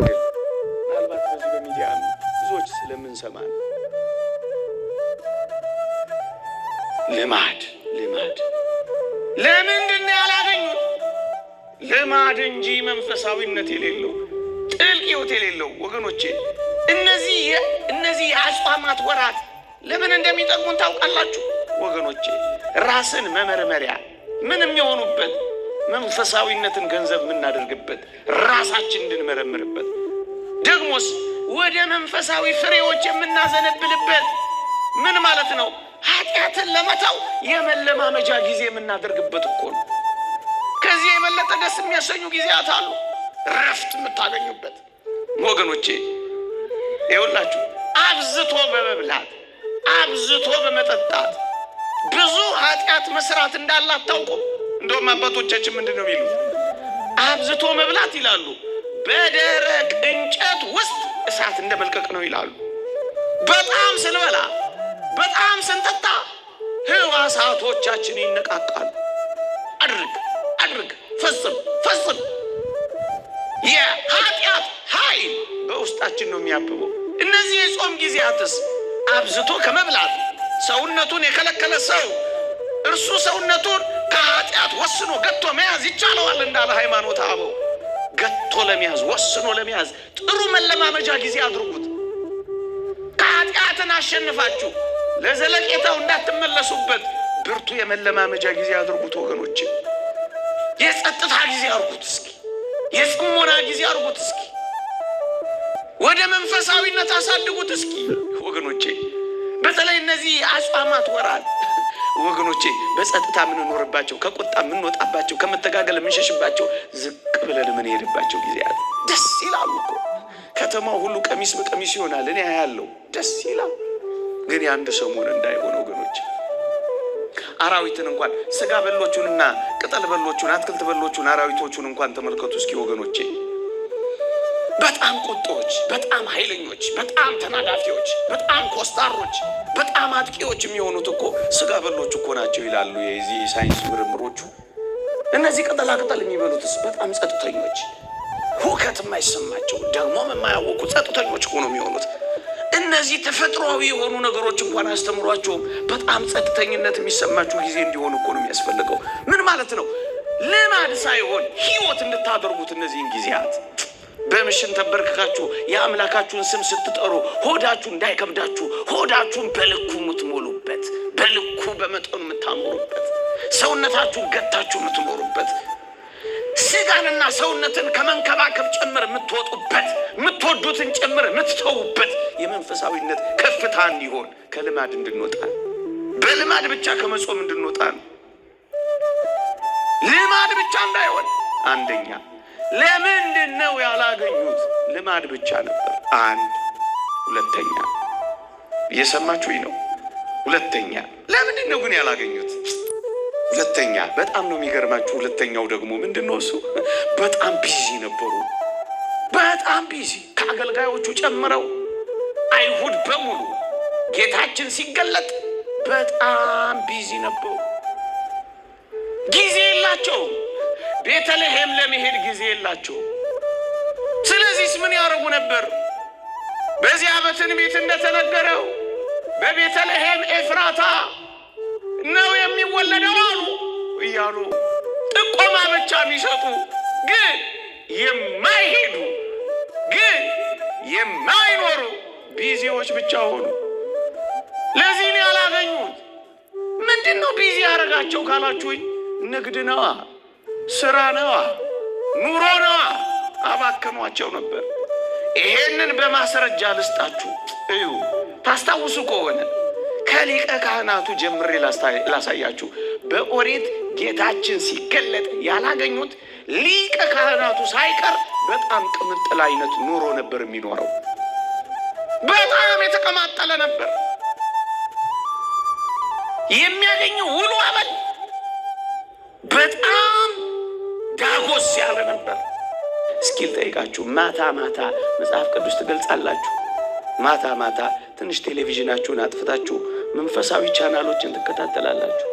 ምናልባት በዚህ በሚዲያም ብዙዎች ስለምንሰማ ልማድ ልማድ ለምንድን ያላገኙት? ልማድ እንጂ መንፈሳዊነት የሌለው ጥልቅ ሕይወት የሌለው ወገኖቼ፣ እነዚህ እነዚህ የአጽዋማት ወራት ለምን እንደሚጠቅሙን ታውቃላችሁ ወገኖቼ? ራስን መመርመሪያ ምን የሚሆኑበት መንፈሳዊነትን ገንዘብ የምናደርግበት ራሳችን እንድንመረምርበት ደግሞስ ወደ መንፈሳዊ ፍሬዎች የምናዘነብልበት ምን ማለት ነው? ኃጢአትን ለመተው የመለማመጃ ጊዜ የምናደርግበት እኮ ነው። ከዚህ የበለጠ ደስ የሚያሰኙ ጊዜያት አሉ፣ ረፍት የምታገኙበት ወገኖቼ። ይኸውላችሁ አብዝቶ በመብላት አብዝቶ በመጠጣት ብዙ ኃጢአት መስራት እንዳላት ታውቁም። እንደውም አባቶቻችን ምንድን ነው የሚሉት? አብዝቶ መብላት ይላሉ። በደረቅ እንጨት ውስጥ እሳት እንደ መልቀቅ ነው ይላሉ። በጣም ስንበላ፣ በጣም ስንጠጣ ህዋሳቶቻችን ይነቃቃሉ። አድርግ አድርግ፣ ፈጽም ፈጽም። የኃጢአት ኃይል በውስጣችን ነው የሚያብበው። እነዚህ የጾም ጊዜያትስ አብዝቶ ከመብላት ሰውነቱን የከለከለ ሰው እርሱ ሰውነቱን ከኃጢአት ወስኖ ገቶ መያዝ ይቻለዋል እንዳለ ሃይማኖት አበው። ገቶ ለመያዝ ወስኖ ለመያዝ ጥሩ መለማመጃ ጊዜ አድርጉት። ከኃጢአትን አሸንፋችሁ ለዘለቄታው እንዳትመለሱበት ብርቱ የመለማመጃ ጊዜ አድርጉት። ወገኖች የጸጥታ ጊዜ አድርጉት። እስኪ የጽሞና ጊዜ አድርጉት። እስኪ ወደ መንፈሳዊነት አሳድጉት። እስኪ ወገኖቼ በተለይ እነዚህ አጽዋማት ወራት ወገኖቼ በጸጥታ የምንኖርባቸው ከቁጣ የምንወጣባቸው ከመተጋገል የምንሸሽባቸው ዝቅ ብለን የምንሄድባቸው ጊዜያት ደስ ይላሉ እኮ። ከተማው ሁሉ ቀሚስ በቀሚስ ይሆናል። እኔ ያለው ደስ ይላል። ግን የአንድ ሰሞን እንዳይሆን ወገኖች አራዊትን እንኳን ስጋ በሎቹንና ቅጠል በሎቹን አትክልት በሎቹን አራዊቶቹን እንኳን ተመልከቱ እስኪ ወገኖቼ። በጣም ቁጦች፣ በጣም ኃይለኞች፣ በጣም ተናዳፊዎች፣ በጣም ኮስታሮች በጣም አጥቂዎች የሚሆኑት እኮ ስጋ በሎች እኮ ናቸው ይላሉ የዚህ የሳይንስ ምርምሮቹ። እነዚህ ቅጠላቅጠል የሚበሉትስ በጣም ጸጥተኞች፣ ሁከት የማይሰማቸው ደግሞ የማያወቁ ጸጥተኞች ሆኖ የሚሆኑት እነዚህ ተፈጥሯዊ የሆኑ ነገሮች እንኳን አስተምሯቸውም በጣም ጸጥተኝነት የሚሰማቸው ጊዜ እንዲሆኑ እኮ ነው የሚያስፈልገው። ምን ማለት ነው? ልማድ ሳይሆን ህይወት እንድታደርጉት እነዚህን ጊዜያት በምሽን ተንበርክካችሁ የአምላካችሁን ስም ስትጠሩ ሆዳችሁ እንዳይከብዳችሁ ሆዳችሁን በልኩ የምትሞሉበት በልኩ በመጠኑ የምታምሩበት ሰውነታችሁን ገታችሁ የምትኖሩበት ስጋንና ሰውነትን ከመንከባከብ ጭምር የምትወጡበት የምትወዱትን ጭምር የምትተዉበት የመንፈሳዊነት ከፍታ እንዲሆን ከልማድ እንድንወጣ በልማድ ብቻ ከመጾም እንድንወጣ ነው። ልማድ ብቻ እንዳይሆን አንደኛ ለምንድን ነው ያላገኙት? ልማድ ብቻ ነበር። አንድ ሁለተኛ፣ እየሰማችሁኝ ነው? ሁለተኛ ለምንድን ነው ግን ያላገኙት? ሁለተኛ በጣም ነው የሚገርማችሁ። ሁለተኛው ደግሞ ምንድን ነው እሱ? በጣም ቢዚ ነበሩ። በጣም ቢዚ ከአገልጋዮቹ ጨምረው አይሁድ በሙሉ ጌታችን ሲገለጥ በጣም ቢዚ ነበሩ። ጊዜ የላቸውም። ቤተልሔም ለመሄድ ጊዜ የላቸው ስለዚህስ ምን ያደርጉ ነበር? በዚያ በትንቢት እንደተነገረው በቤተልሔም ኤፍራታ ነው የሚወለደው አሉ እያሉ ጥቆማ ብቻ የሚሰጡ ግን የማይሄዱ ግን የማይኖሩ ቢዚዎች ብቻ ሆኑ። ለዚህ ነው ያላገኙት። ምንድን ነው ቢዚ ያደረጋቸው ካላችሁኝ፣ ንግድ ነዋ። ስራ ነዋ፣ ኑሮ ነዋ። አባከኗቸው ነበር። ይሄንን በማስረጃ ልስጣችሁ እዩ። ታስታውሱ ከሆነ ከሊቀ ካህናቱ ጀምሬ ላሳያችሁ። በኦሪት ጌታችን ሲገለጥ ያላገኙት ሊቀ ካህናቱ ሳይቀር በጣም ቅምጥል አይነት ኑሮ ነበር የሚኖረው። በጣም የተቀማጠለ ነበር የሚያገኘው ውሉ አበል በጣም ዳጎስ ያለ ነበር። እስኪል ጠይቃችሁ ማታ ማታ መጽሐፍ ቅዱስ ትገልጻላችሁ። ማታ ማታ ትንሽ ቴሌቪዥናችሁን አጥፍታችሁ መንፈሳዊ ቻናሎችን ትከታተላላችሁ።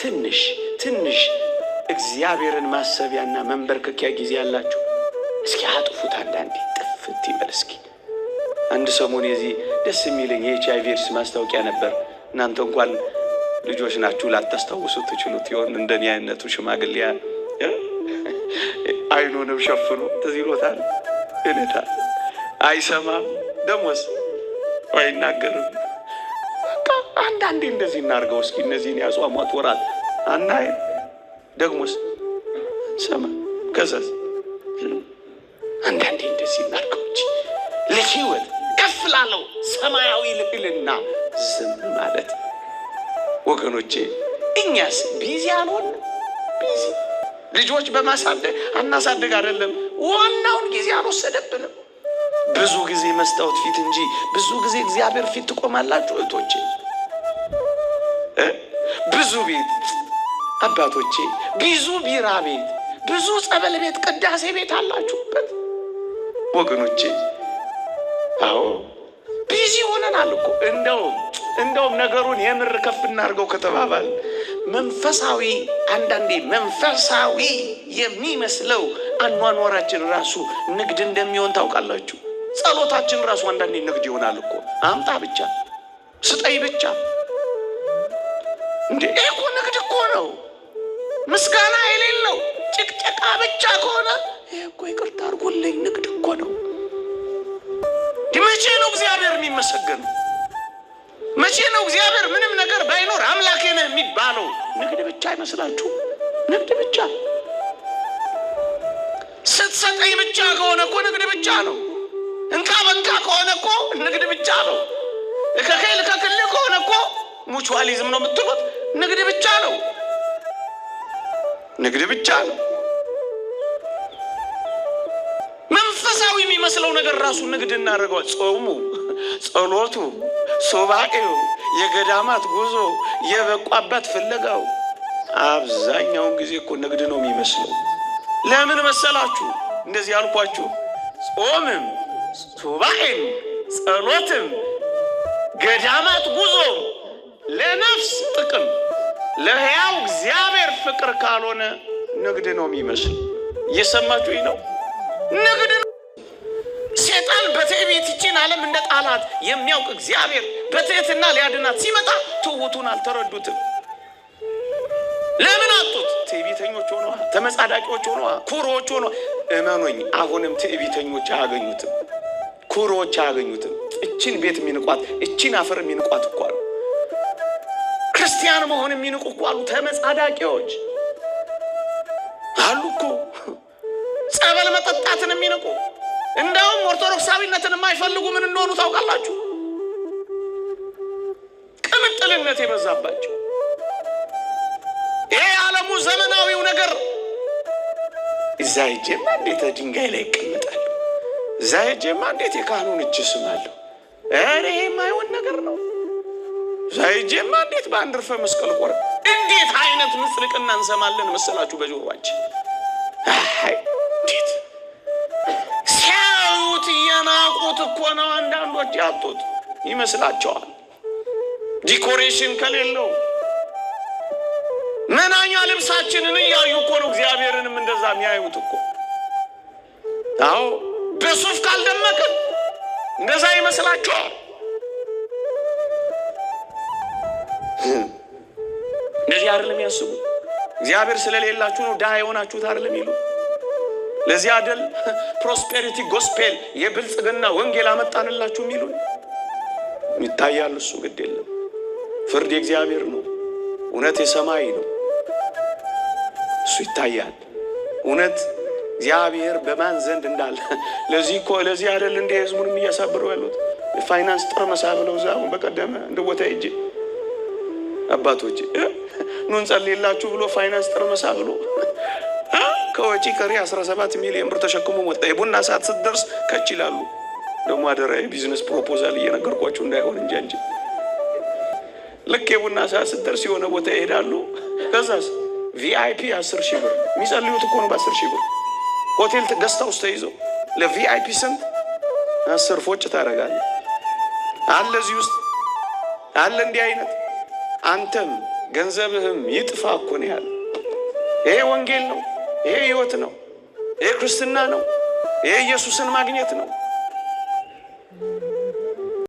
ትንሽ ትንሽ እግዚአብሔርን ማሰቢያና መንበርከኪያ ጊዜ አላችሁ እስኪ አጥፉት። አንዳንዴ ጥፍት ይበል እስኪ። አንድ ሰሞን የዚህ ደስ የሚለኝ የኤች አይቪ ኤድስ ማስታወቂያ ነበር። እናንተ እንኳን ልጆች ናችሁ ላታስታውሱ ትችሉት ይሆን እንደኔ አይነቱ ሽማግሌ አይኑንም ሸፍኖ ትዝ ይሎታል እኔታ አይሰማም፣ ደሞስ አይናገርም። በቃ አንዳንዴ እንደዚህ እናርገው እስኪ እነዚህን የአጽዋሟት ወራት አናይ ደግሞስ ሰማ ከዛዝ አንዳንዴ እንደዚህ እናርገው እንጂ ለህይወት ከፍ ላለው ሰማያዊ ልዕልና ዝም ማለት ወገኖቼ፣ እኛስ ቢዚ አልሆን ቢዚ ልጆች በማሳደግ አናሳደግ አይደለም፣ ዋናውን ጊዜ አልወሰደብንም። ብዙ ጊዜ መስታወት ፊት እንጂ ብዙ ጊዜ እግዚአብሔር ፊት ትቆማላችሁ እህቶቼ። ብዙ ቤት አባቶቼ፣ ብዙ ቢራ ቤት፣ ብዙ ጸበል ቤት፣ ቅዳሴ ቤት አላችሁበት ወገኖቼ። አዎ ቢዚ ሆነናል እኮ እንደውም እንደውም ነገሩን የምር ከፍ እናድርገው ከተባባል መንፈሳዊ አንዳንዴ መንፈሳዊ የሚመስለው አኗኗራችን ራሱ ንግድ እንደሚሆን ታውቃላችሁ። ጸሎታችን ራሱ አንዳንዴ ንግድ ይሆናል እኮ አምጣ ብቻ ስጠይ ብቻ እንዴ እኮ ንግድ እኮ ነው። ምስጋና የሌለው ጭቅጨቃ ብቻ ከሆነ እኮ ይቅርታ አድርጎልኝ ንግድ እኮ ነው። መቼ ነው እግዚአብሔር የሚመሰገነው? መቼ ነው እግዚአብሔር ምንም ነገር ባይኖር አምላ የሚባለው ንግድ ብቻ አይመስላችሁ? ንግድ ብቻ ስትሰጠኝ ብቻ ከሆነ እኮ ንግድ ብቻ ነው። እንካ በንካ ከሆነ እኮ ንግድ ብቻ ነው። ከከይል ልከክል ከሆነ እኮ ሙቹዋሊዝም ነው የምትሉት። ንግድ ብቻ ነው። ንግድ ብቻ ነው። መንፈሳዊ የሚመስለው ነገር ራሱ ንግድ እናደርገዋል። ጾሙ፣ ጸሎቱ፣ ሱባኤው የገዳማት ጉዞ፣ የበቁ አባት ፍለጋው አብዛኛውን ጊዜ እኮ ንግድ ነው የሚመስለው። ለምን መሰላችሁ እንደዚህ ያልኳችሁ? ጾምም፣ ሱባኤም፣ ጸሎትም፣ ገዳማት ጉዞ ለነፍስ ጥቅም ለሕያው እግዚአብሔር ፍቅር ካልሆነ ንግድ ነው የሚመስል። እየሰማችሁ ነው፣ ንግድ ነው። ሴጣን በትዕቢት ይችን አለ መጽናት የሚያውቅ እግዚአብሔር በትህትና ሊያድናት ሲመጣ ትውቱን አልተረዱትም። ለምን አጡት? ትዕቢተኞች ሆነ፣ ተመጻዳቂዎች ሆነ፣ ኩሮዎች ሆነ። እመኖኝ አሁንም ትዕቢተኞች አያገኙትም፣ ኩሮዎች አያገኙትም። እችን ቤት የሚንቋት እችን አፈር የሚንቋት እኮ አሉ። ክርስቲያን መሆን የሚንቁ እኮ አሉ። ተመጻዳቂዎች አሉ እኮ ጸበል መጠጣትን የሚንቁ እንደውም ኦርቶዶክሳዊነትን የማይፈልጉ ምን እንደሆኑ ታውቃላችሁ? ቅምጥልነት የበዛባቸው ይሄ የዓለሙ ዘመናዊው ነገር እዛ ሄጄማ እንዴት ድንጋይ ላይ ይቀመጣል? እዛ ሄጄማ እንዴት የካህኑን እጅ ስማለሁ? ኧረ የማይሆን ነገር ነው። እዛ ሄጄማ እንዴት በአንድ እርፈ መስቀል ቆር እንዴት አይነት ምስርቅና እንሰማለን መሰላችሁ በጆሮአችን እኮ ነው አንዳንዶች ያጡት ይመስላቸዋል። ዲኮሬሽን ከሌለው መናኛ ልብሳችንን እያዩ እኮ ነው እግዚአብሔርንም እንደዛ የሚያዩት እኮ። አዎ በሱፍ ካልደመቅን እንደዛ ይመስላቸዋል። እንደዚህ አይደለም ያስቡ። እግዚአብሔር ስለሌላችሁ ነው ድሃ የሆናችሁት አይደለም ይሉ ለዚህ አደል ፕሮስፔሪቲ ጎስፔል የብልጽግና ወንጌል አመጣንላችሁ የሚሉን? ይታያል። እሱ ግድ የለም ፍርድ የእግዚአብሔር ነው። እውነት የሰማይ ነው። እሱ ይታያል። እውነት እግዚአብሔር በማን ዘንድ እንዳለ ለዚህ እኮ ለዚህ አደል እንደ ህዝቡንም እያሳብሩ ያሉት የፋይናንስ ጠርመሳ ብለው እዛ በቀደመ እንደ ቦታ ሄጄ አባቶች ኑ እንጸልይላችሁ ብሎ ፋይናንስ ጠርመሳ ብሎ ከወጪ ቀሪ 17 ሚሊዮን ብር ተሸክሞ ወጣ የቡና ሰዓት ስትደርስ ከች ይላሉ። ደግሞ አደራ ቢዝነስ ፕሮፖዛል እየነገርኳቸው እንዳይሆን እንጂ እንጂ ልክ የቡና ሰዓት ስትደርስ የሆነ ቦታ ይሄዳሉ። ከዛስ ቪአይፒ 10 ሺህ ብር የሚጸልዩት እኮ ነው። በ10 ሺህ ብር ሆቴል ገስታ ውስጥ ተይዞ ለቪአይፒ ስንት አስር ፎጭ ታደርጋለህ አለ እዚህ ውስጥ አለ እንዲህ አይነት አንተም ገንዘብህም ይጥፋ እኮ ነው ያለ። ይሄ ወንጌል ነው። ይሄ ህይወት ነው። ይሄ ክርስትና ነው። ይሄ ኢየሱስን ማግኘት ነው።